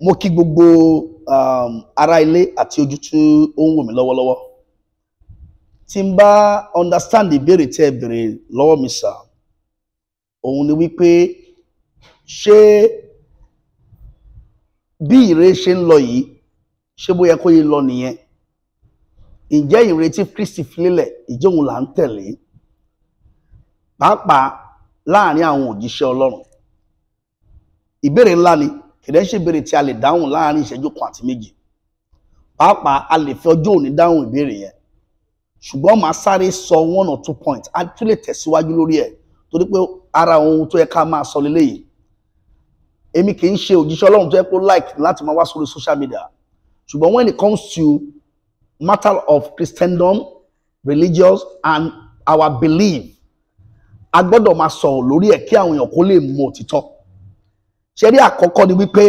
mo kí gbogbo um, ará ilé àti ojú tí ó ń wò mí lọ́wọ́lọ́wọ́ tí n bá understand ìbéèrè tí ẹ béèrè lọ́wọ́ mi sà òun ni wípé ṣé bí ìre ṣe ń lọ yìí ṣé bó yẹ kó yẹ lọ nìyẹn ǹjẹ́ ìrètí Kristi filélẹ̀ ìjẹ́ òun là ń tẹ̀lé pàápàá láàárín àwọn òjíṣẹ́ Ọlọ́run ìbéèrè ńlá ni kìdẹ́ ṣe ìbéèrè tí a lè dáhùn láàrin ìṣẹ́jú kan àti méjì pàápàá a lè fi ọjọ́ òní dáhùn ìbéèrè yẹn ṣùgbọ́n màá sáré sọ one or two points a tún lè tẹ̀síwájú lórí ẹ̀ torí pé ara ohun tó yẹ ká máa sọ lélẹ́yìí èmi kì í ṣe òjíṣẹ́ ọlọ́run tó yẹ kó like láti máa wá sórí social media ṣùgbọ́n when it comes to matter of Christendom religious and our belief a gbọ́dọ̀ máa sọ̀rọ̀ lórí ẹ̀ kí àwọn èèyàn kó lè mọ òtítọ́ ṣẹ́rí àkọ́kọ́ ni wípé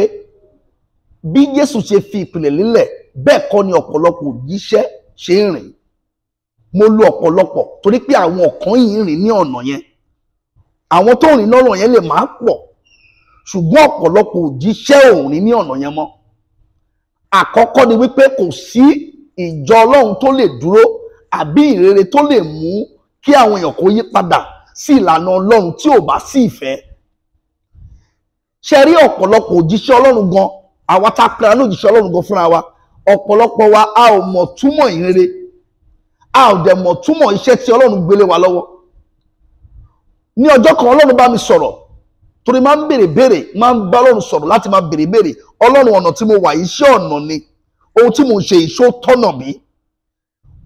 bí Jésù ṣe fi ìpìlẹ̀ lélẹ̀ bẹ́ẹ̀ kọ́ ni ọ̀pọ̀lọpọ̀ òjíṣẹ́ ṣe ń rìn mo lo ọ̀pọ̀lọpọ̀ torí pé àwọn kan yìí rìn ní ọ̀nà yẹn àwọn tó rìn lọ́nà yẹn lè máa pọ̀ ṣùgbọ́n ọ̀pọ̀lọpọ̀ òjíṣẹ́ ò rìn ní ọ̀nà yẹn mọ́ àkọ́kọ́ ni wípé kò sí ìjọ Ọlọ́run tó lè dúró àbí ìrere tó lè mú kí àwọn èèyàn kó yí padà sí ìlànà Ọlọ́run tí ò bá sí ìfẹ́ ṣe rí ọ̀pọ̀lọpọ̀ òjíṣẹ́ ọlọ́run gan àwa tá a pera ní òjíṣẹ́ ọlọ́run gan fúnra wa ọ̀pọ̀lọpọ̀ wa a ò mọ̀ túmọ̀ ìrere a ò dẹ̀ mọ̀ túmọ̀ iṣẹ́ tí ọlọ́run gbélé wa lọ́wọ́ ní ọjọ́ kan ọlọ́run bá mi sọ̀rọ̀ torí máa ń béèrè béèrè máa ń bá ọlọ́run sọ̀rọ̀ láti máa béèrè béèrè ọlọ́run ọ̀nà tí mo wà iṣẹ́ ọ̀nà ni ohun tí mo ṣe ìṣó tọ̀nà mi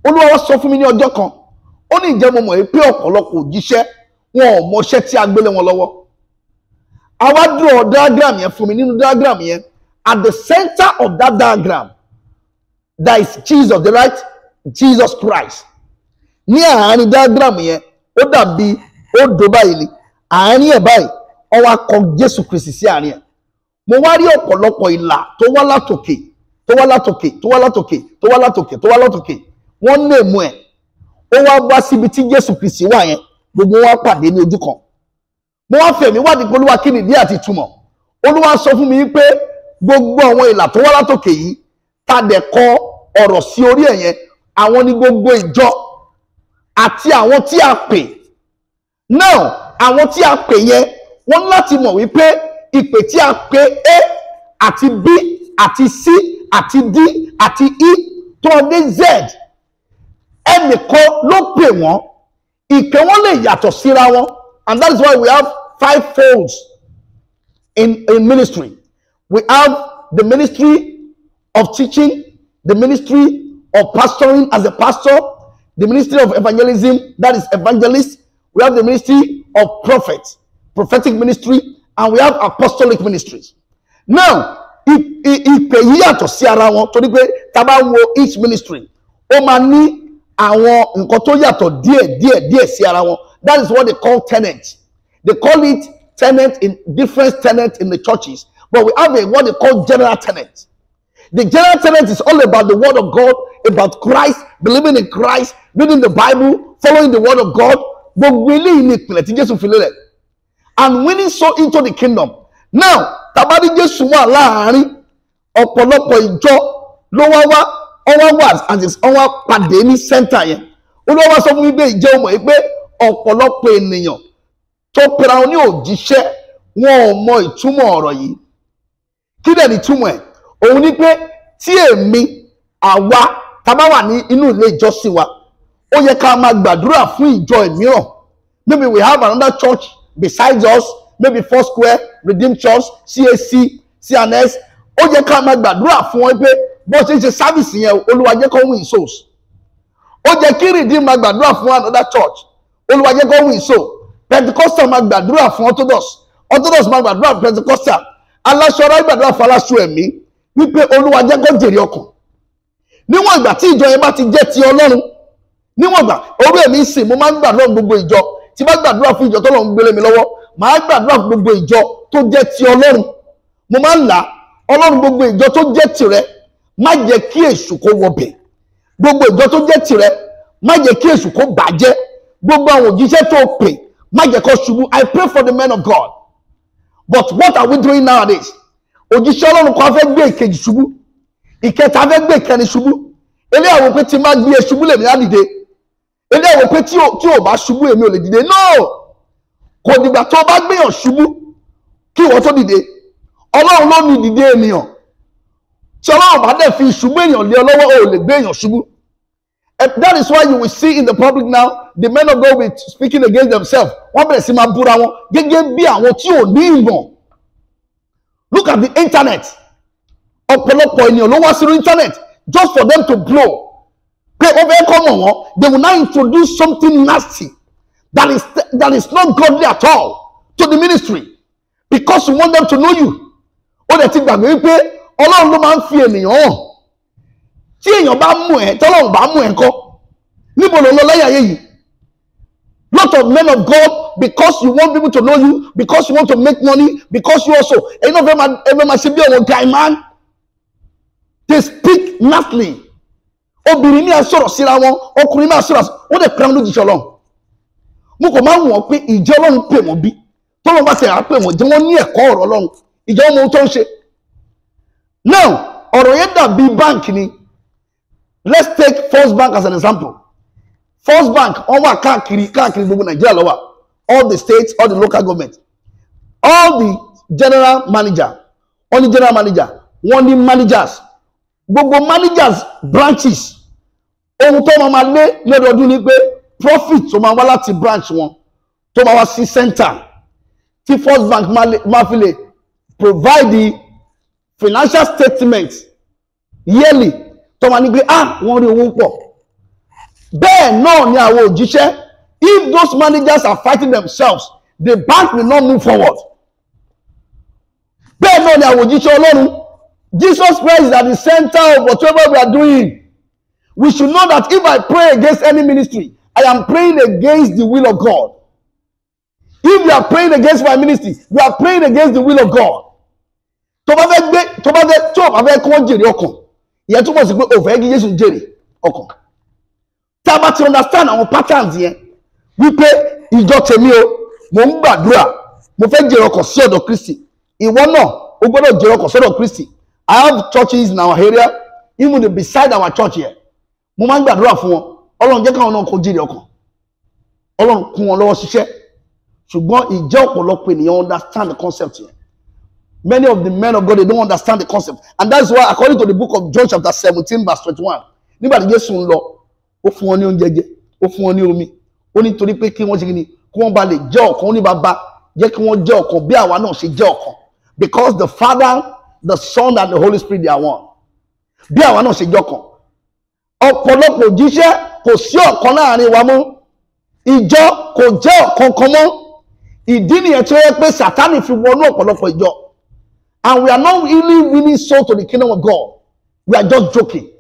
olúwa wa sọ fún mi ní ọjọ́ kan ó ní ìjẹ́ mo mọ̀ pé ọ̀pọ̀lọpọ̀ òjíṣẹ́ wọn ò mọṣẹ́ tí a gbélé wọn lọ́wọ́ Our draw diagram here, fún mi diagram here, at the center of that diagram that is Jesus the right Jesus Christ Near àárín diagram here, ó that be báyìí Dubai, àárín by, báyìí ó wá kọ Jésù Kristi mo wá rí ọ̀pọ̀lọpọ̀ ìlà tó wá látòkè tó wá látòkè tó wá látòkè tó wá látòkè tó wá látòkè one. nèmú ẹ̀ ó wá wá síbi tí Jésù Kristi wà yẹn gbogbo wọn pàdé ní ojú kan mo wá fẹ̀mí wádìí pé olúwa kí nìdí àti ìtumọ̀ olúwa sọ fún mi pé gbogbo àwọn ìlà tó wá látòkè yìí tá a dẹ̀ kọ ọ̀rọ̀ sí orí ẹ̀ yẹn àwọn ni gbogbo ìjọ àti àwọn tí a pè náà àwọn tí a pè yẹn wọ́n láti mọ̀ wípé ìpè tí a pè a àti b àti c àti d àti e tó dé z ẹnìkan ló pè wọ́n ìpè wọn lè yàtọ̀ síra wọn and that is why we have five folds in, in ministry. We have the ministry of teaching, the ministry of pastoring as a pastor, the ministry of evangelism, that is evangelist. We have the ministry of prophets, prophetic ministry, and we have apostolic ministries. Now, if yìí yàtọ̀ to ara wọn to the tá a wo each ministry omani máa ní àwọn nǹkan tó yàtọ̀ díẹ̀ díẹ̀ díẹ̀ sí that is what they call tenant They call it tenant in different tenant in the churches, but we have a what they call general tenant. The general tenant is all about the word of God, about Christ, believing in Christ, reading the Bible, following the word of God, but really in it, just to it, and winning so into the kingdom. Now, tabadi Jésù wà láàárín ọ̀pọ̀lọpọ̀ ìjọ ló wá wá ọwọ́ wà àti ọwọ́ pàdé ní sẹ́ńtà yẹn. Olúwa sọ fún mi pé ìjẹun mọ̀ pé tó pera wọn ní òjíṣẹ́ wọn ò mọ ìtumọ̀ ọ̀rọ̀ yìí kí dẹ̀ ní túmọ̀ ẹ̀ òun ni pé tí èmi àwa tá bá wà ní inú ilé ìjọsìn wa ó yẹ ká máa gbàdúrà fún ìjọ ìmíràn maybe we have another church besides us maybe four square redeemed church cac cns ó yẹ ká máa gbàdúrà fún wọn pé bó ṣe ń ṣe sáfìsì yẹn olúwa jẹ́ kó win souls ó jẹ́ kí redeemed máa gbàdúrà fún another church olúwa jẹ́ kó win souls pentecostal máa gbàdúrà fún orthodox orthodox máa gbàdúrà fún pentecostal aláṣọ ara gbàdúrà fún aláṣọ ẹ̀mí wípé olúwa jẹ́ kó jèrè ọkàn níwọ̀n ìgbà tí ìjọ yẹn bá ti jẹ́ ti ọlọ́run níwọ̀n ìgbà orú ẹ̀mí sìn mo máa ń gbàdúrà fún gbogbo ìjọ tí bá gbàdúrà fún ìjọ tó lọ́n gbélé mi lọ́wọ́ màá gbàdúrà fún gbogbo ìjọ tó jẹ́ ti ọlọ́run mo máa ń là ọlọ́run gbogbo ìjọ tó jẹ́ tirẹ̀ má jẹ́ kí èṣù kó wọbẹ̀ gbogbo ìjọ tó jẹ́ tirẹ̀ má jẹ́ kí èṣù kó bàjẹ́ gbogbo àwọn òjíṣẹ́ tó pè má jẹ́ kó i pray for the men of god but what are we doing nowadays òjíṣẹ́ ọlọ́run kan fẹ́ gbé Iketa ṣubú ìkẹta fẹ́ gbé ìkẹrin ṣubú eléyà wò pé tí má gbé e ṣubú lèmi á dìde eléyà wò pé tí ò bá ṣubú èmi ò lè dìde no kò dìgbà tó o bá gbéyàn ṣubú kí ìwọ tó dìde ọlọ́run ló ní dìde ènìyàn tí ọlọ́run bá dẹ̀ fi ìṣubú ènìyàn lé ọ lọ́wọ́ ò lè gbé èèyàn And that is why you will see in the public now the men of God will be speaking against themselves. Wọ́n bẹ̀rẹ̀ sí máa búra wọn gẹ́gẹ́ bí àwọn tí Look at the internet. Ọ̀pọ̀lọpọ̀ ènìyàn ló wá internet just for them to blow. Pé ó fẹ́ kọ́ they will now introduce something nasty that is that is not godly at all to the ministry because you want them to know you. Ó dẹ̀ ti that wípé Ọlọ́run ló máa ń fi ènìyàn hàn tí èèyàn bá mú ẹ tọ́lọ́run bá mú ẹ ńkọ́ níbo ló lọ lẹ́yìn ayé yìí lot of men of God because you want people to know you because you want to make money because you also ẹ̀yin náà fẹ́ máa ṣe bí ọ̀wọ̀n guy man they speak nastily obìnrin ní asọ̀rọ̀ síra wọn ọkùnrin máa sọ̀rọ̀ wọ́n dẹ̀ pẹ́rẹ́ wọn lójijì ọlọ́run mo kò máa wọ̀n pé ìjẹ́ ọlọ́run pè wọ́n bí tọ́lọ́run bá ṣe à pè wọ́n jẹ́ wọ́n ní ẹ̀kọ́ ọ̀rọ̀ ọlọ́run ìjẹ́ wọn mọ ohun tó ń ṣe now ọ̀rọ̀ yẹn dàbí báǹkì ni let's take First Bank as an example First Bank wọ́n wà káàkiri káàkiri gbogbo Nàìjíríà ló all the states all the local government all the general manager only general manager one the managers gbogbo managers branches ohun tó máa ma lé lọ́dọọdún ni pé profit tó máa wá láti branch wọn tó máa wá sí center tí First Bank máa fi lè provide the financial statement yearly tó máa ní pé ah wọ́n rí owó pọ̀ bẹ́ẹ̀ náà ni àwọn òjíṣẹ́ if those managers are fighting themselves the bank will not move forward bẹ́ẹ̀ náà ni àwọn òjíṣẹ́ Ọlọ́run Jesus Christ is at the center of whatever we are doing we should know that if I pray against any ministry I am praying against the will of God if you are praying against my ministry you are praying against the will of God tó bá fẹ́ gbé tó bá fẹ́ tó bá fẹ́ kó jèrè ọkàn ìyẹn túmọ̀ sí pé òfẹ́ kí Jésù jèrè ọkàn tá a bá ti understand àwọn patterns yẹn wípé ìjọ tèmi o mò ń gbàdúrà mo fẹ́ jèrè ọkàn sí ọ̀dọ̀ Kristi ìwọ náà o gbọ́dọ̀ jèrè ọkàn sọ́dọ̀ Kristi I have churches in our area even beside our church here mo máa ń gbàdúrà fún wọn Ọlọ́run jẹ́ káwọn náà kó jèrè ọkàn Ọlọ́run kún wọn lọ́wọ́ ṣiṣẹ́ ṣùgbọ́n ìjẹ́ ọ̀pọ̀lọpọ̀ ènìyàn understand the concept yẹn Many of the men of God, they don't understand the concept. And that's why, according to the book of John, chapter 17, verse 21, nígbà tí Jésù ń lọ, ó fún wọn ní oúnjẹ jẹ, ó fún wọn ní omi, ó ní torí pé kí wọ́n ṣe kí ni, kí wọ́n ba lè jẹ́ ọ̀kan, ó ní bàbá, jẹ́ kí wọ́n jẹ́ ọ̀kan bí àwa náà ṣe jẹ́ ọ̀kan. Because the Father, the Son and the Holy Spirit they are one. Bí àwa náà ṣe jẹ́ ọ̀kan. Ọ̀pọ̀lọpọ̀ òjíṣẹ́ kò sí ọ̀kan láàrin wa mọ́. Ìjọ kò jẹ́ ọ̀kan kan mọ́. Ìdí nìyẹn tí ó yẹ pé Sátánì fi wọnú ọ̀pọ̀lọpọ̀ ìjọ. And we are not really winning soul to the kingdom of God. We are just joking.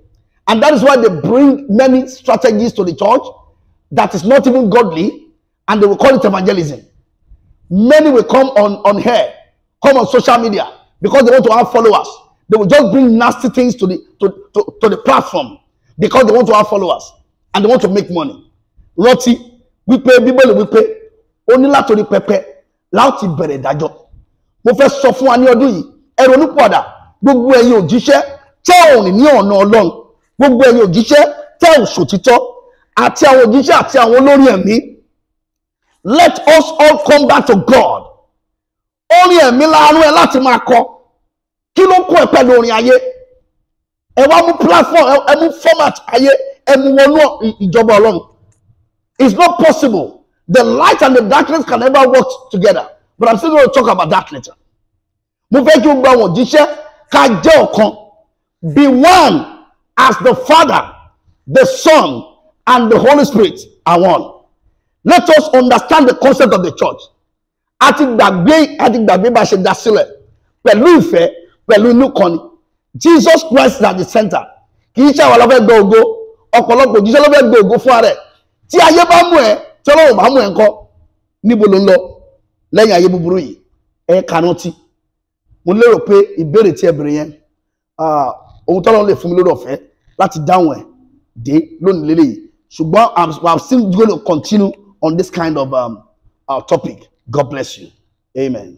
And that is why they bring many strategies to the church that is not even godly, and they will call it evangelism. Many will come on, on here, come on social media, because they want to have followers. They will just bring nasty things to the, to, to, to the platform because they want to have followers and they want to make money. Rotty, we pay, people. we pay. Only látorí pẹpẹ, láti bẹ̀rẹ̀ ìdájọ́ mo fẹ́ sọ fún wa ní ọdún yìí ẹ ronú gbogbo ẹ̀yin òjíṣẹ́ tẹ́ ò ní ọ̀nà ọlọ́run gbogbo ẹ̀yin òjíṣẹ́ tẹ́ ò àti àwọn òjíṣẹ́ àti àwọn olórí ẹ̀mí let us all come back to God orin ẹ̀mí láàánú ẹ láti máa kọ kí ló ń kó ẹ pẹ̀lú orin ayé ẹ wá mú platform ẹ mú format ayé ẹ mú wọnú ìjọba ọlọ́run it's not possible the light and the darkness can never work together but I'm still going to talk about that later. Mo fẹ́ kí o gba àwọn òjíṣẹ́ ká jẹ́ ọ̀kan. Be one as the Father, the Son, and the Holy Spirit are one. Let us understand the concept of the church. A ti gbàgbé a ti gbàgbé bá a ṣe dá sílẹ̀ pẹ̀lú ìfẹ́ pẹ̀lú inú kan Jesus Christ is at the center. Kì í ṣe àwọn ọlọ́fẹ́ gbọ́ ògo. Ọ̀pọ̀lọpọ̀ òjíṣẹ́ ló fẹ́ gbọ́ ògo fún ara ẹ̀. Tí ayé bá mú ẹ, tí Ọlọ́run bá mú ẹ ńkọ́, níbo ló ń lọ? lẹ́yìn ayé búburú yìí ẹ kànú tí mo lérò pé ìbéèrè tí ẹ bèrè yẹn ohun tọ́lọ́ lè fún mi lórí ọ̀fẹ́ láti dáhùn ẹ̀ dé lónìí lélẹ́yìí ṣùgbọ́n am still going to continue on this kind of um, uh, topic God bless you amen.